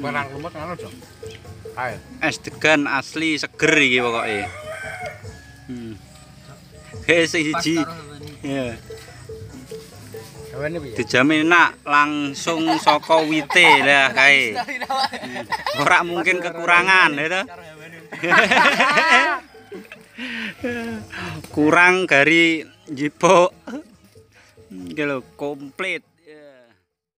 barang lumut ngono, Jo. Ae. Es degan asli seger iki pokoke. Hmm. Hei siji. Iya. Dijamin enak langsung saka wite lah kae. Hmm. Ora mungkin kekurangan ya Kurang dari jipok. Gelo hmm, komplit.